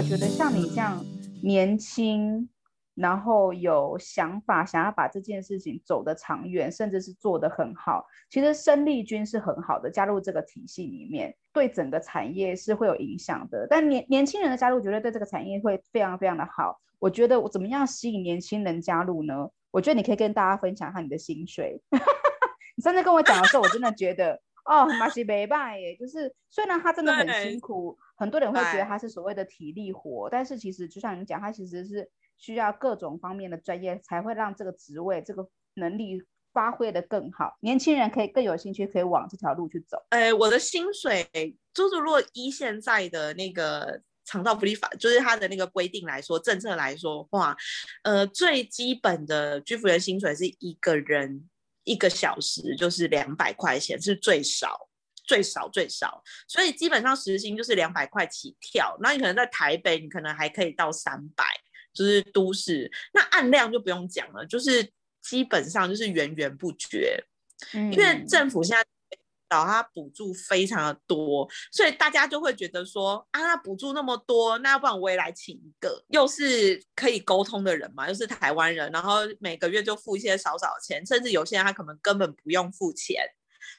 我覺得像你這樣年輕，然後有想法，想要把這件事情走得長遠，甚至是做得很好，其實生力軍是很好的。加入這個體系裡面，對整個產業是會有影響的。但年年輕人的加入，覺得對這個產業會非常非常的好。我覺得我怎麼樣吸引年輕人加入呢？我覺得你可以跟大家分享一下你的薪水。 你上次跟我講的時候，我真的覺得 哦，媽西沒吧耶，就是雖然他真的很辛苦。很多人會覺得它，是所謂的體力活，對但是其實就像你講，它其實是需要各種方面的專業，才會讓這個職位這個能力發揮得更好。年輕人可以更有興趣，可以往這條路去走。哎，呃，我的薪水，就是如果依現在的那個長照福利法，就是它的那個規定來說，政策來說話，呃，最基本的居服員薪水是一個人一個小時就是兩百塊錢是最少。最少最少，所以基本上時薪就是兩百塊起跳。那你可能在台北，你可能還可以到三百，就是都市。那案量就不用講了，就是基本上就是源源不絕。因為政府現在給他補助非常的多，所以大家就會覺得說，啊，補助那麼多，那要不然我也來請一個，又是可以溝通的人嘛，又是台灣人，然後每個月就付一些少少錢，甚至有些人他可能根本不用付錢。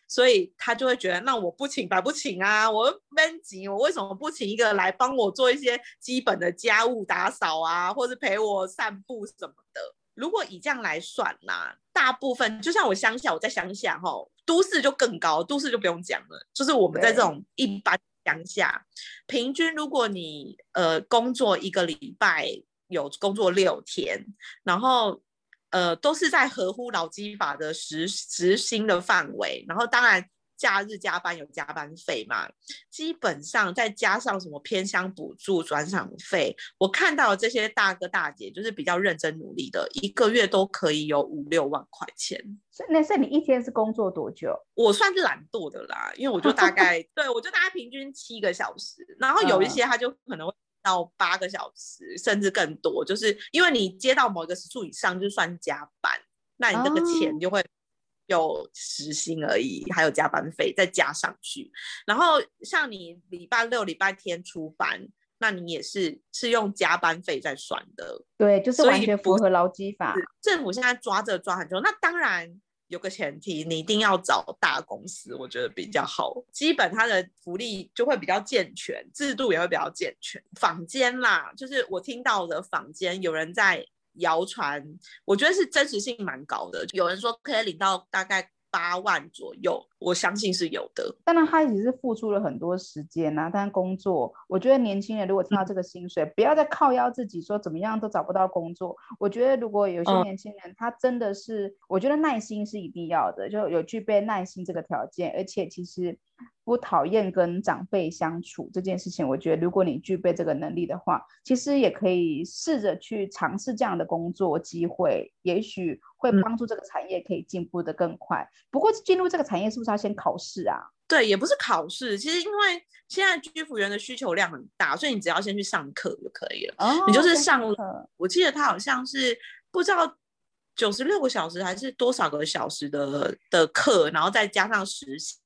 所以他就會覺得，那我不請白不請啊！我悶緊，我為什麼不請一個來幫我做一些基本的家務打掃啊，或是陪我散步什麼的？如果以這樣來算呢、啊，大部分就像我鄉下，我在鄉下吼，都市就更高，都市就不用講了。就是我們在這種一般鄉下，對平均如果你呃工作一個禮拜有工作六天，然後。呃，都是在合乎勞基法的時時薪的範圍，然後當然假日加班有加班費嘛，基本上再加上什麼偏鄉補助、轉場費，我看到這些大哥大姐就是比較認真努力的，一個月都可以有五六萬塊錢。所以那是你一天是工作多久？我算是懶惰的啦，因為我就大概 對我就大概平均七個小時，然後有一些他就可能會。到八個小時，甚至更多，就是因為你接到某一個時數以上就算加班，那你這個錢就會有時薪而已，oh. 還有加班費再加上去。然後像你禮拜六、禮拜天出班，那你也是是用加班費在算的。對，就是完全符合勞基法。政府現在抓這抓很重要，那當然，有個前提，你一定要找大公司，我覺得比較好。基本它的福利就會比較健全，制度也會比較健全。坊間啦，就是我聽到的坊間，有人在謠傳，我覺得是真實性蠻高的。有人說可以領到大概八萬左右。我相信是有的，當然他也是付出了很多時間吶、啊。但工作，我覺得年輕人如果聽到這個薪水，嗯、不要再靠腰自己說怎麼樣都找不到工作。我覺得如果有些年輕人他真的是，嗯、我覺得耐心是一定要的，就有具備耐心這個條件，而且其實不討厭跟長輩相處這件事情。我覺得如果你具備這個能力的話，其實也可以試着去嘗試這樣的工作機會，也許會幫助這個產業可以進步的更快。嗯、不過進入這個產業是不是？他先考試啊？對，也不是考試，其實因為現在居服員的需求量很大，所以你只要先去上課就可以了。Oh, 你就是上課，上課。我記得他好像是不知道九十六個小時還是多少個小時的的課，然後再加上實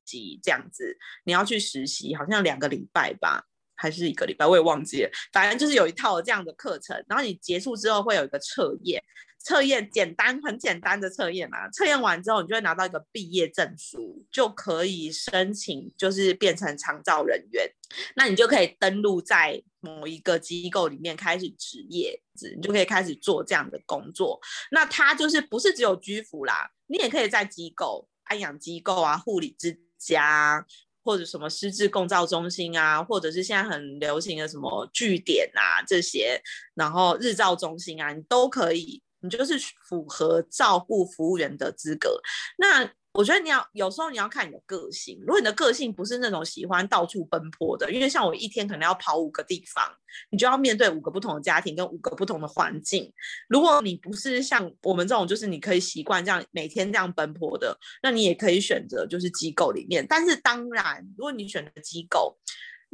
習這樣子，你要去實習，好像兩個禮拜吧，還是一個禮拜，我也忘記了。反正就是有一套這樣的課程，然後你結束之後會有一個測驗。測驗簡單，很簡單的測驗嘛、啊。測驗完之後，你就會拿到一個畢業證書，就可以申請，就是變成長照人員。那你就可以登錄在某一個機構裡面開始職業職，你就可以開始做這樣的工作。那它就是不是只有居服啦，你也可以在機構安養機構啊、護理之家，或者什麼失智共照中心啊，或者是現在很流行的什麼據點啊這些，然後日照中心啊，你都可以。你就是符合照顧服務員的資格。那我覺得你要有時候你要看你的個性。如果你的個性不是那種喜歡到處奔波的，因為像我一天可能要跑五個地方，你就要面對五個不同的家庭跟五個不同的環境。如果你不是像我們這種，就是你可以習慣這樣每天這樣奔波的，那你也可以選擇就是機構裡面。但是當然，如果你選擇機構，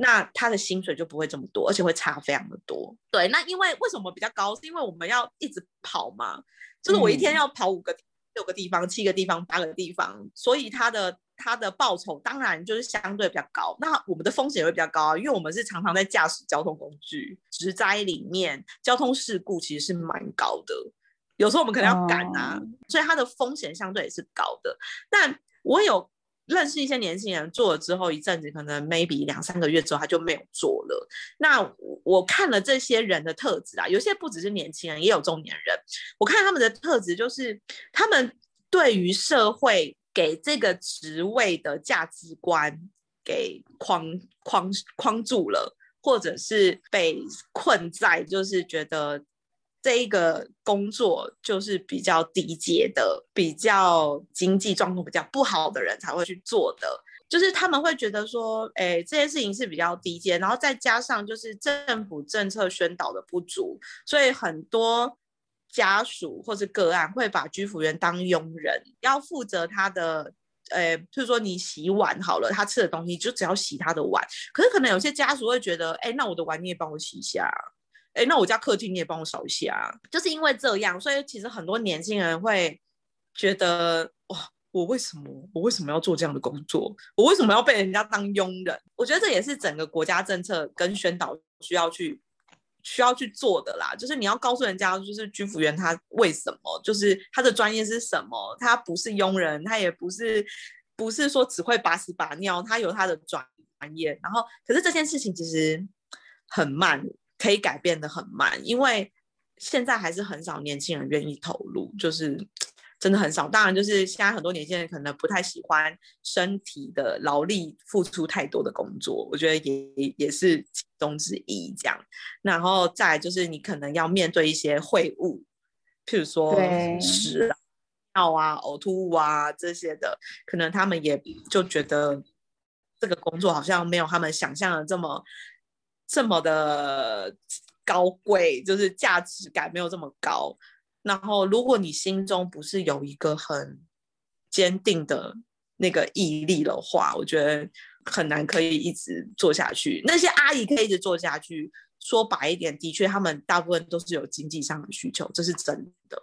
那他的薪水就不會這麼多，而且會差非常的多。對，那因為為什麼比較高？是因為我們要一直跑嘛，就是我一天要跑五個、六個地方、七個地方、八個地方，所以他的他的報酬當然就是相對比較高。那我們的風險也會比較高啊，因為我們是常常在駕駛交通工具，職災裡面，交通事故其實是蠻高的，有時候我們可能要趕啊，所以它的風險相對也是高的。但我有。認識一些年輕人做了之後，一陣子可能 maybe 兩三個月之後他就沒有做了。那我看了這些人的特質啊，有些不只是年輕人，也有中年人。我看他們的特質就是，他們對於社會給這個職位的價值觀給框框框住了，或者是被困在，就是覺得。這一個工作就是比較低階的，比較經濟狀況比較不好的人才會去做的，就是他們會覺得說，哎，這件事情是比較低階，然後再加上就是政府政策宣導的不足，所以很多家屬或者個案會把居服員當傭人，要負責他的，呃、哎，就是說你洗碗好了，他吃的東西就只要洗他的碗，可是可能有些家屬會覺得，哎，那我的碗你也幫我洗一下。哎，那我家客廳你也幫我掃一下、啊。就是因為這樣，所以其實很多年輕人會覺得，哇、哦，我為什麼我為什麼要做這樣的工作？我為什麼要被人家當傭人？我覺得這也是整個國家政策跟宣導需要去需要去做的啦。就是你要告訴人家，就是居服員他為什麼，就是他的專業是什麼？他不是傭人，他也不是不是說只會把屎把尿，他有他的專業。然後，可是這件事情其實很慢。可以改變得很慢，因為現在還是很少年輕人願意投入，就是真的很少。當然，就是現在很多年輕人可能不太喜歡身體的勞力付出太多的工作，我覺得也也是其中之一。這樣，然後再就是你可能要面對一些穢物，譬如說屎、尿啊、嘔吐物啊這些的，可能他們也就覺得這個工作好像沒有他們想象的這麼這麼的高貴，就是價值感沒有這麼高。然後，如果你心中不是有一個很堅定的那個毅力的話，我覺得很難可以一直做下去。那些阿姨可以一直做下去，說白一點，的確，他們大部分都是有經濟上的需求，這是真的，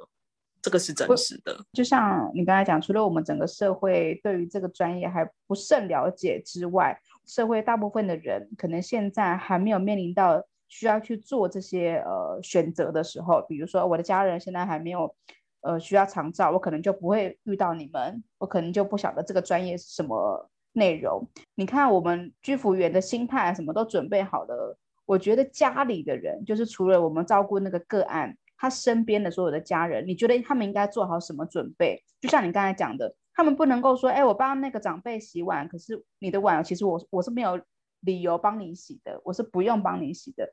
這個是真實的。就像你剛才講，除了我們整個社會對於這個專業還不甚了解之外。社會大部分的人可能現在還沒有面臨到需要去做這些呃選擇的時候，比如說我的家人現在還沒有呃需要長照，我可能就不會遇到你們，我可能就不曉得這個專業是什麼內容。你看我們居服員的心態啊，什麼都準備好了。我覺得家裡的人，就是除了我們照顧那個個案，他身邊的所有的家人，你覺得他們應該做好什麼準備？就像你剛才講的。他們不能夠說，哎、欸，我幫那個長輩洗碗，可是你的碗，其實我我是沒有理由幫你洗的，我是不用幫你洗的。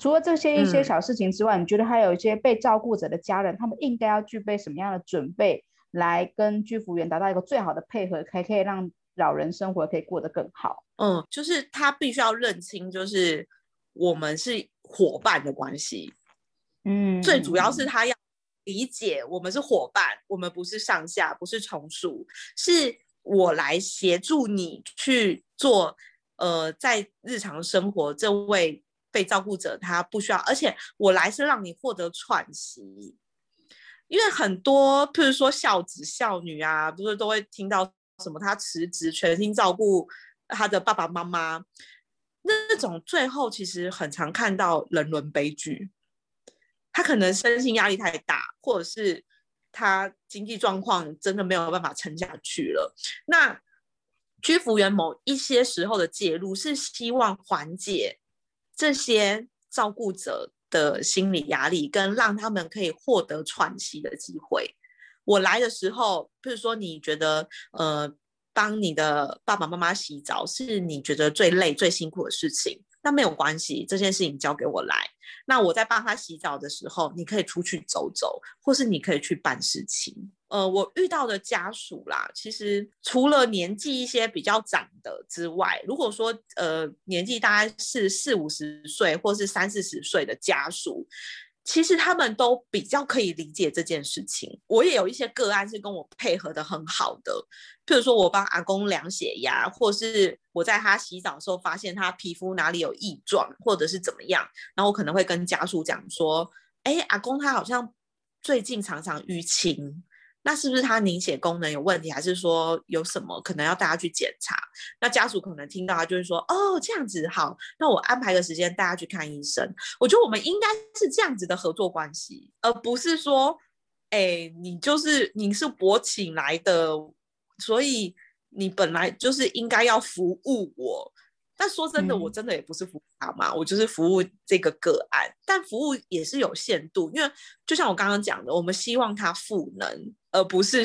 除了這些一些小事情，之外，嗯、你覺得還有一些被照顧者的家人，他們應該要具備什麼樣的準備，來跟居服員達到一個最好的配合，才可以讓老人生活可以過得更好？嗯，就是他必須要認清，就是我們是夥伴的關係。嗯，最主要是他要。理解，我們是夥伴，我們不是上下，不是從屬，是我來協助你去做。呃，在日常生活，這位被照顧者他不需要，而且我來是讓你獲得喘息，因為很多，譬如說孝子孝女啊，不是都會聽到什麼他辭職全心照顧他的爸爸媽媽，那那種最後其實很常看到人倫悲劇。他可能身心壓力太大，或者是他經濟狀況真的沒有辦法撐下去了。那居服員某一些時候的介入，是希望緩解這些照顧者的心理壓力，跟讓他們可以獲得喘息的機會。我來的時候，譬如說你覺得，呃，幫你的爸爸媽媽洗澡是你覺得最累、最辛苦的事情。那沒有關係，這件事情交給我來。那我在幫他洗澡的時候，你可以出去走走，或是你可以去辦事情。呃，我遇到的家屬啦，其實除了年紀一些比較長的之外，如果說呃年紀大概是四五十歲或是三四十歲的家屬，其實他們都比較可以理解這件事情。我也有一些個案是跟我配合的很好的，譬如說我幫阿公量血壓，或是我在他洗澡的時候發現他皮膚哪裡有異狀，或者是怎麼樣，然後我可能會跟家屬講說：“哎，阿公他好像最近常常淤青。”那是不是他凝血功能有問題，還是說有什麼可能要大家去檢查？那家屬可能聽到他就是說哦，這樣子好，那我安排個時間大家去看醫生。我覺得我們應該是這樣子的合作關係，而不是說，哎、欸，你就是你是我請來的，所以你本來就是應該要服務我。但說真的，嗯、我真的也不是服務他嘛，我就是服務這個個案。但服務也是有限度，因為就像我剛剛講的，我們希望他賦能。而不是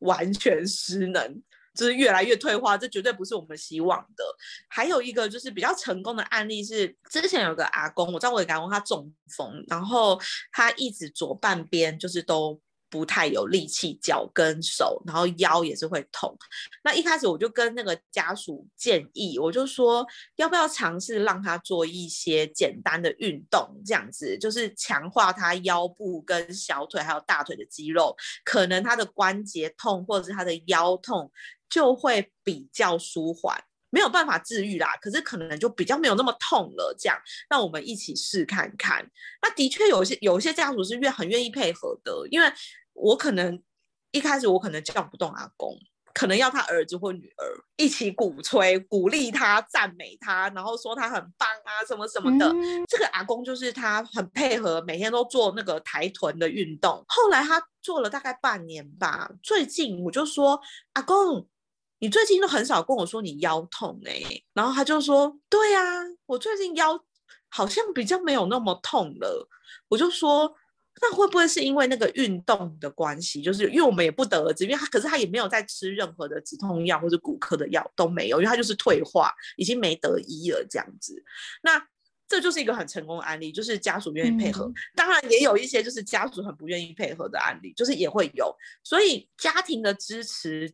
完全失能，就是越來越退化，這絕對不是我們希望的。還有一個就是比較成功的案例是，之前有個阿公，我知道我也感覺他中風，然後他一直左半邊就是都。不太有力氣，腳跟手，然後腰也是會痛。那一開始我就跟那個家屬建議，我就說要不要嘗試讓他做一些簡單的運動，這樣子就是強化他腰部跟小腿還有大腿的肌肉，可能他的關節痛或者是他的腰痛就會比較舒緩。沒有辦法治癒啦，可是可能就比較沒有那麼痛了。這樣，讓我們一起試看看。那的確有些有些家屬是願很願意配合的，因為我可能一開始我可能叫不動阿公，可能要他兒子或女兒一起鼓吹、鼓勵他、讚美他，然後說他很棒啊什麼什麼的。嗯、這個阿公就是他很配合，每天都做那個抬臀的運動。後來他做了大概半年吧，最近我就說阿公。你最近都很少跟我說你腰痛哎、欸，然後他就說：“對呀、啊，我最近腰好像比較沒有那麼痛了。”我就說：“那會不會是因為那個運動的關係？就是因為我們也不得而知，因為他可是他也沒有在吃任何的止痛藥或者骨科的藥都沒有，因為他就是退化，已經沒得醫了這樣子。那這就是一個很成功的案例，就是家屬願意配合。嗯、當然也有一些就是家屬很不願意配合的案例，就是也會有。所以家庭的支持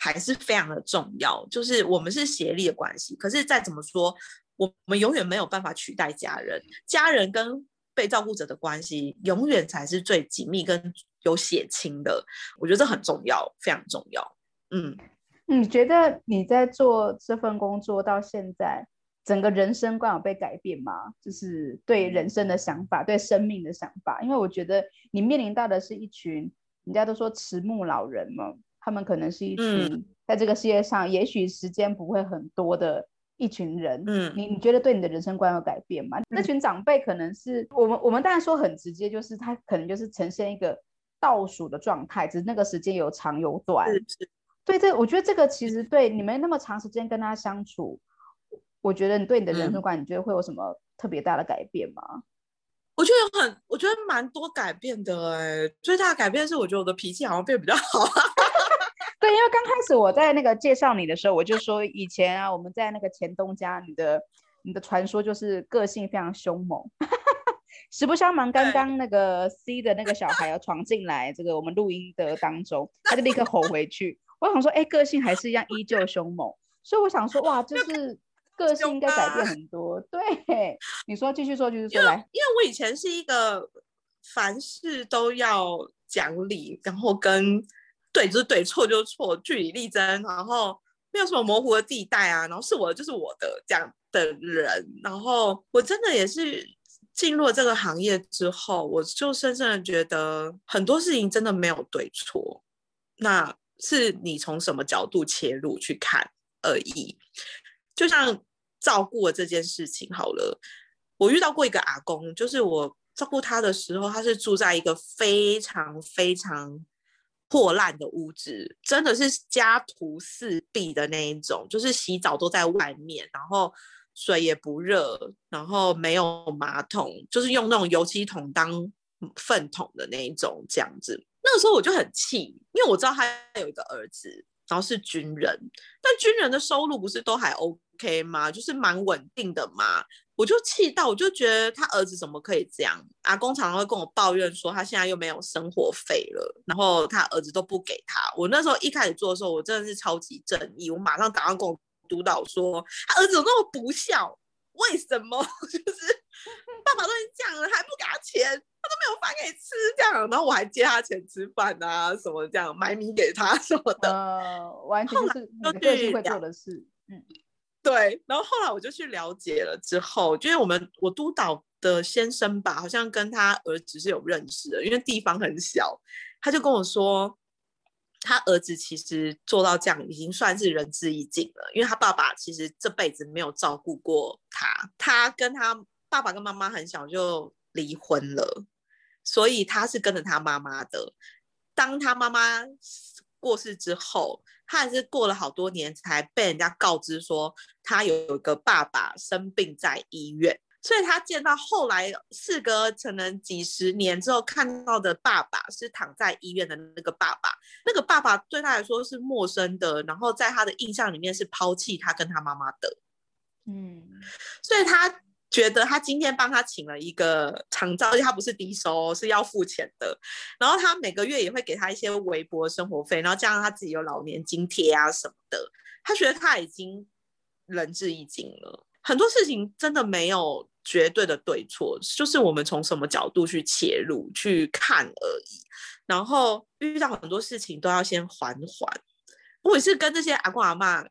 還是非常的重要，就是我們是協力的關係。可是再怎麼說，我們永遠沒有辦法取代家人。家人跟被照顧者的關係，永遠才是最緊密跟有血親的。我覺得這很重要，非常重要。嗯，你覺得你在做這份工作到現在，整個人生觀有被改變嗎？就是對人生的想法，對生命的想法。因為我覺得你面臨到的是一群人家都說遲暮老人嘛。他們可能是一群在這個世界上，也許時間不會很多的一群人。嗯，你你覺得對你的人生觀有改變嗎？嗯、那群長輩可能是我們，我們當然說很直接，就是他可能就是呈現一個倒數的狀態，只是那個時間有長有短。對，這，我覺得這個其實對你們那麼長時間跟他相處，我覺得你對你的人生觀，你覺得會有什麼特別大的改變嗎？我覺得有很，我覺得蠻多改變的哎、欸。最大的改變是，我覺得我的脾氣好像變得比較好。 對，因為剛開始我在那個介紹你的時候，我就說以前啊，我們在那個前東家，你的你的傳說就是個性非常凶猛。實 不相瞞，對剛剛那個 C 的那個小孩要闖進來 這個我們錄音的當中，他就立刻吼回去。 我想說，哎、欸，個性還是一樣，依舊凶猛。 所以我想說，哇，就是個性應該改變很多。對，你說繼續說，就是說為來，因為我以前是一個凡事都要講理，然後跟。對,對，就是對錯就錯，據理力爭，然後沒有什麼模糊的地帶啊，然後是我的就是我的這樣的人，然後我真的也是進入了這個行業之後，我就深深的覺得很多事情真的沒有對錯，那是你從什麼角度切入去看而已。就像照顧我這件事情好了，我遇到過一個阿公，就是我照顧他的時候，他是住在一個非常非常。破爛的屋子，真的是家徒四壁的那一種，就是洗澡都在外面，然後水也不熱，然後沒有馬桶，就是用那種油漆桶當糞桶的那一種這樣子。那個時候我就很氣，因為我知道他有一個兒子，然後是軍人，但軍人的收入不是都還 OK 嗎？就是蠻穩定的嘛。我就氣到，我就覺得他兒子怎麼可以這樣啊。公常常會跟我抱怨說，他現在又沒有生活費了，然後他兒子都不給他。我那時候一開始做的時候，我真的是超級正義，我馬上打算跟我督導說他兒子有那麼不孝，為什麼？就是爸爸都已經這樣了，還不給他錢，他都沒有飯給吃這樣。然後我還借他錢吃飯啊，什麼這樣買米給他什麼的，呃，完全是你們個性會做的事，嗯。對，然後後來我就去了解了之後，就因為我們我督導的先生吧，好像跟他兒子是有認識的，因為地方很小，他就跟我說，他兒子其實做到這樣已經算是仁至義盡了，因為他爸爸其實這輩子沒有照顧過他，他跟他爸爸跟媽媽很小就離婚了，所以他是跟着他媽媽的，當他媽媽過世之後。他還是過了好多年才被人家告知說他有一個爸爸生病在醫院，所以他見到後來事隔可能幾十年之後看到的爸爸是躺在醫院的那個爸爸，那個爸爸對他來說是陌生的，然後在他的印象裡面是拋棄他跟他媽媽的，嗯，所以他。覺得他今天幫他請了一個長照，他不是低收哦，是要付錢的。然後他每個月也會給他一些微薄生活費，然後加上他自己有老年津貼啊什麼的。他覺得他已經仁至義盡了。很多事情真的沒有絕對的對錯，就是我們從什麼角度去切入去看而已。然後遇到很多事情都要先緩緩。不管是跟這些阿公阿媽。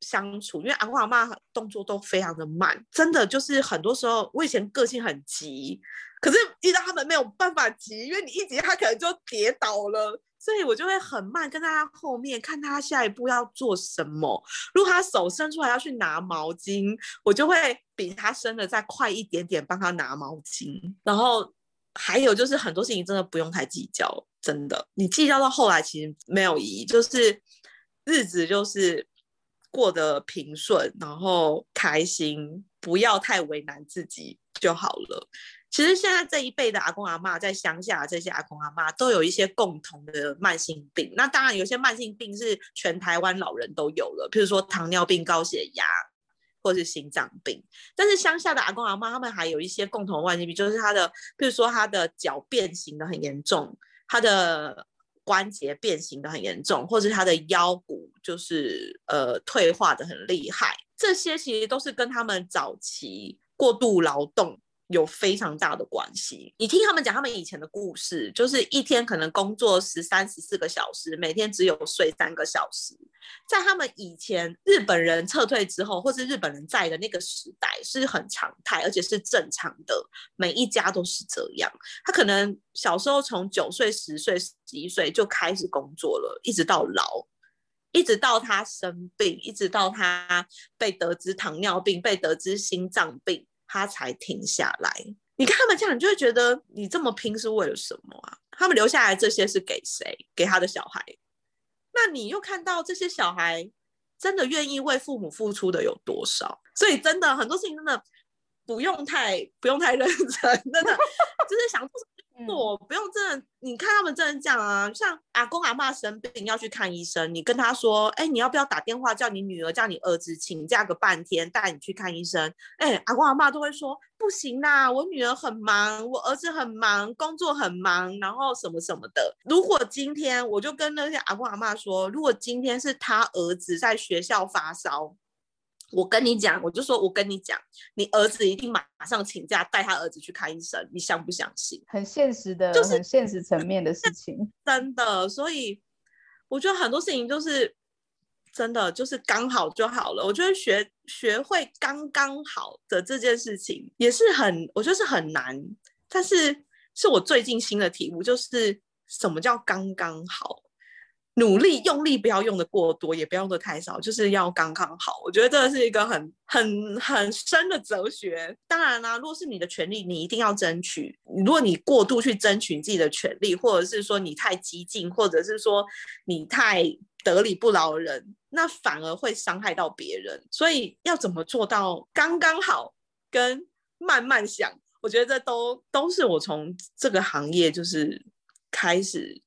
相處，因為阿公阿媽動作都非常的慢，真的就是很多時候，我以前個性很急，可是遇到他們沒有辦法急，因為你一急他可能就跌倒了，所以我就會很慢跟在他後面，看他下一步要做什麼。如果他手伸出來要去拿毛巾，我就會比他伸得再快一點點幫他拿毛巾。然後還有就是很多事情真的不用太計較，真的，你計較到後來其實沒有意義，就是日子就是過得平順，然後開心，不要太為難自己就好了。其實現在這一輩的阿公阿媽在鄉下，這些阿公阿媽都有一些共同的慢性病。那當然，有些慢性病是全台灣老人都有了，比如說糖尿病、高血壓，或是心臟病。但是鄉下的阿公阿媽他們還有一些共同的慢性病，就是他的，比如說他的腳變形得很嚴重，他的。關節變形得很嚴重，或是他的腰骨就是呃，退化得很厲害，這些其實都是跟他們早期過度勞動。有非常大的關係。你聽他們講他們以前的故事，就是一天可能工作十三、十四個小時，每天只有睡三個小時。在他們以前，日本人撤退之後，或是日本人在的那個時代，是很常態，而且是正常的。每一家都是這樣。他可能小時候從九歲、十歲、十一歲就開始工作了，一直到老，一直到他生病，一直到他被得知糖尿病，被得知心臟病。他才停下來。你看他們這樣，你就會覺得你這麼拼是為了什麼啊？他們留下來這些是給誰？給他的小孩。那你又看到這些小孩真的願意為父母付出的有多少？所以真的很多事情真的不用太不用太認真，真的就是想。 不，嗯、不用真的，你看他們真的這樣講啊，像阿公阿嬤生病要去看醫生，你跟他說，哎、欸，你要不要打電話叫你女兒叫你兒子請假個半天帶你去看醫生？哎、欸，阿公阿嬤都會說不行啦，我女兒很忙，我兒子很忙，工作很忙，然後什麼什麼的。如果今天我就跟那些阿公阿嬤說，如果今天是他兒子在學校發燒。我跟你講，我就說，我跟你講，你兒子一定馬上請假帶他兒子去看醫生，你相不相信？很現實的，就是很現實層面的事情。真的，所以我覺得很多事情就是真的就是剛好就好了。我覺得學學會剛剛好的這件事情也是很，我覺得是很難，但是是我最近新的題目，就是什麼叫剛剛好？努力用力，不要用的過多，也不要用的太少，就是要剛剛好。我覺得這是一個很很很深的哲學。當然啦、啊，如果是你的權利，你一定要爭取。如果你過度去爭取你自己的權利，或者是說你太激進，或者是說你太得理不饒人，那反而會傷害到別人。所以要怎麼做到剛剛好跟慢慢想，我覺得這都都是我從這個行業就是開始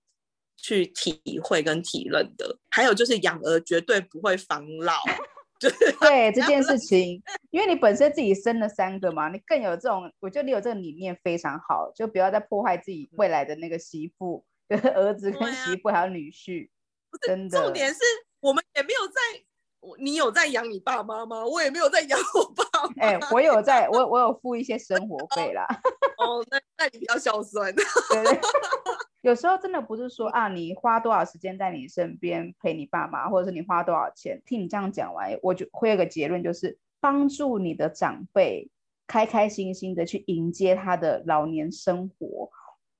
去體會跟體認的，還有就是養兒絕對不會防老，對這件事情， 因為你本身自己生了三個嘛，你更有這種，我覺得你有這個理念非常好，就不要再破壞自己未來的那個媳婦、就是、兒子跟媳婦、啊、還有女婿，真的。不是，重點是我們也沒有在。你有在養你爸媽嗎？我也沒有在養我爸媽。哎、欸，我有在，我我有付一些生活費啦哦。哦，那那你比較孝順，有時候真的不是說啊，你花多少時間在你身邊陪你爸媽，或者是你花多少錢。聽你這樣講完，我就會有一個結論，就是幫助你的長輩開開心心的去迎接他的老年生活。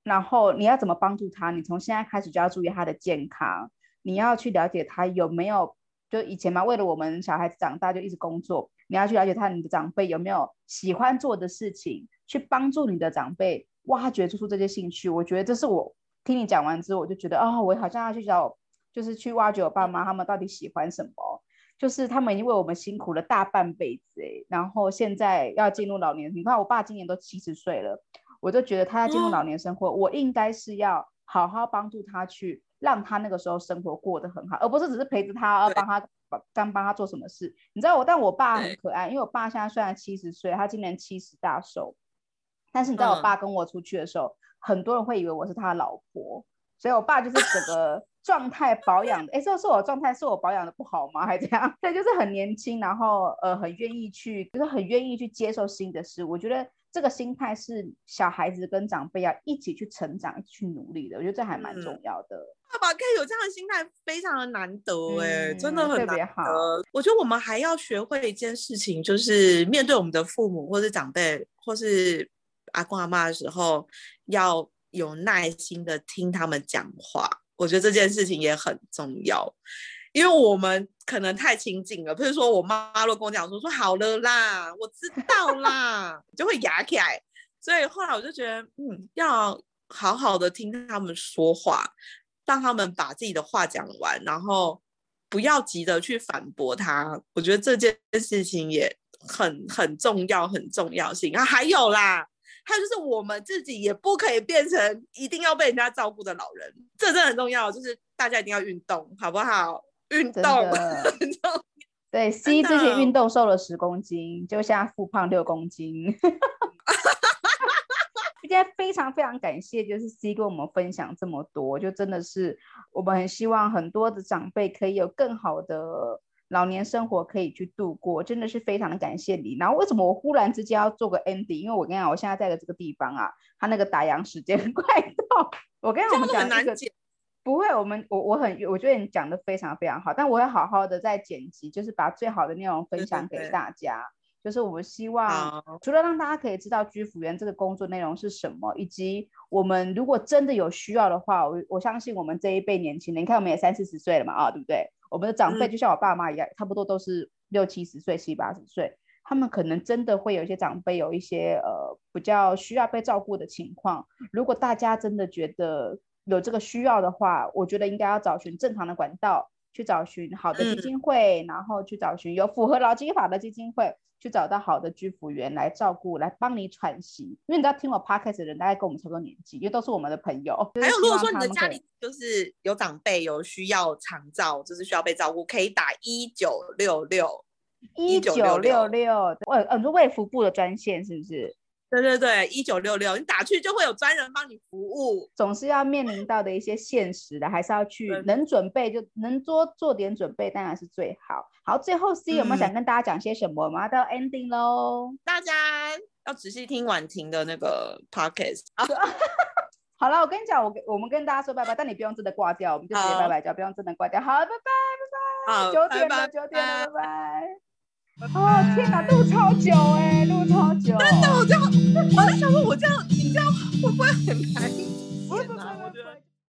然後你要怎麼幫助他？你從現在開始就要注意他的健康。你要去了解他有沒有。就以前嘛，為了我們小孩子長大就一直工作。你要去了解他，你的長輩有沒有喜歡做的事情，去幫助你的長輩挖掘出這些興趣。我覺得這是我聽你講完之後，我就覺得哦，我好像要去找，就是去挖掘我爸媽他們到底喜歡什麼。就是他們已經為我們辛苦了大半輩子誒，然後現在要進入老年，你看我爸今年都七十歲了，我就覺得他要進入老年生活，我應該是要好好幫助他去。讓他那個時候生活過得很好，而不是只是陪着他，啊、幫他幫幫對幫他做什麼事。你知道我，但我爸很可愛，對因為我爸現在雖然七十歲，他今年七十大壽，但是你知道我爸跟我出去的時候，嗯、很多人會以為我是他老婆，所以我爸就是整個狀態保養的。哎， 這是我的狀態，是我保養的不好嗎？還這樣？他 就是很年輕，然後呃，很願意去，就是很願意去接受新的事物。我覺得。這個心態是小孩子跟長輩要一起去成長、去努力的，我覺得這還蠻重要的。嗯、爸爸可以有這樣的心態，非常的難得哎、欸，嗯、真的很難得、特別好。我覺得我們還要學會一件事情，就是面對我們的父母或是長輩或是阿公阿媽的時候，要有耐心的聽他們講話。我覺得這件事情也很重要。因為我們可能太親近了，比如說我媽都跟我講說我說好了啦，我知道啦， 就會壓起來。所以後來我就覺得，嗯，要好好的聽他們說話，讓他們把自己的話講完，然後不要急着去反駁他。我覺得這件事情也很很重要，很重要性啊。還有啦，還有就是我們自己也不可以變成一定要被人家照顧的老人。這真的很重要，就是大家一定要運動，好不好？運動，對，真的。C 之前運動瘦了十公斤，就現在復胖六公斤。今天非常非常感謝，就是 C 跟我們分享這麼多，就真的是我們很希望很多的長輩可以有更好的老年生活可以去度過，真的是非常的感謝你。然後為什麼我忽然之間要做個 ending？因為我跟你講，我現在在的這個地方啊，它那個打烊時間快到，我跟你講，我們講一個。不會，我們我我很我覺得你講得非常非常好，但我會好好的再剪輯，就是把最好的內容分享給大家。是對就是我們希望好除了讓大家可以知道居服員這個工作內容是什麼，以及我們如果真的有需要的話，我我相信我們這一輩年輕人，你看我們也三四十歲了嘛，啊、哦，對不對？我們的長輩就像我爸媽一樣，嗯、差不多都是六七十歲、七八十歲，他們可能真的會有一些長輩有一些呃比較需要被照顧的情況。如果大家真的覺得。有這個需要的話，我覺得應該要找尋正常的管道，去找尋好的基金會，嗯、然後去找尋有符合勞基法的基金會，去找到好的居服員來照顧，來幫你喘息。因為你知道聽我 podcast 的人，大概跟我們差不多年紀，因為都是我們的朋友。哦就是、還有，如果說你的家裡就是有長輩有需要長照，就是需要被照顧，可以打一九六六一九六六，呃呃，衛福部的專線是不是？對對對，一九六六，你打去就會有專人幫你服務。總是要面臨到的一些現實的，還是要去能準備就能多做點準備，當然是最好。好，最後 C 有沒有想跟大家講些什麼？我們要到 ending 咯。大家要仔細聽婉婷的那個 podcast 啊。好了，我跟你講，我跟我們跟大家說拜拜，但你不用真的掛掉，我們就直接拜拜就，不用真的掛掉。好，拜拜拜拜，九點了，九點了，拜拜。哦，Bye. oh, 天吶，錄超久哎，錄超久。真等 我這樣，我在想說，我這樣，你這樣，會不會很難？ 不是不是不是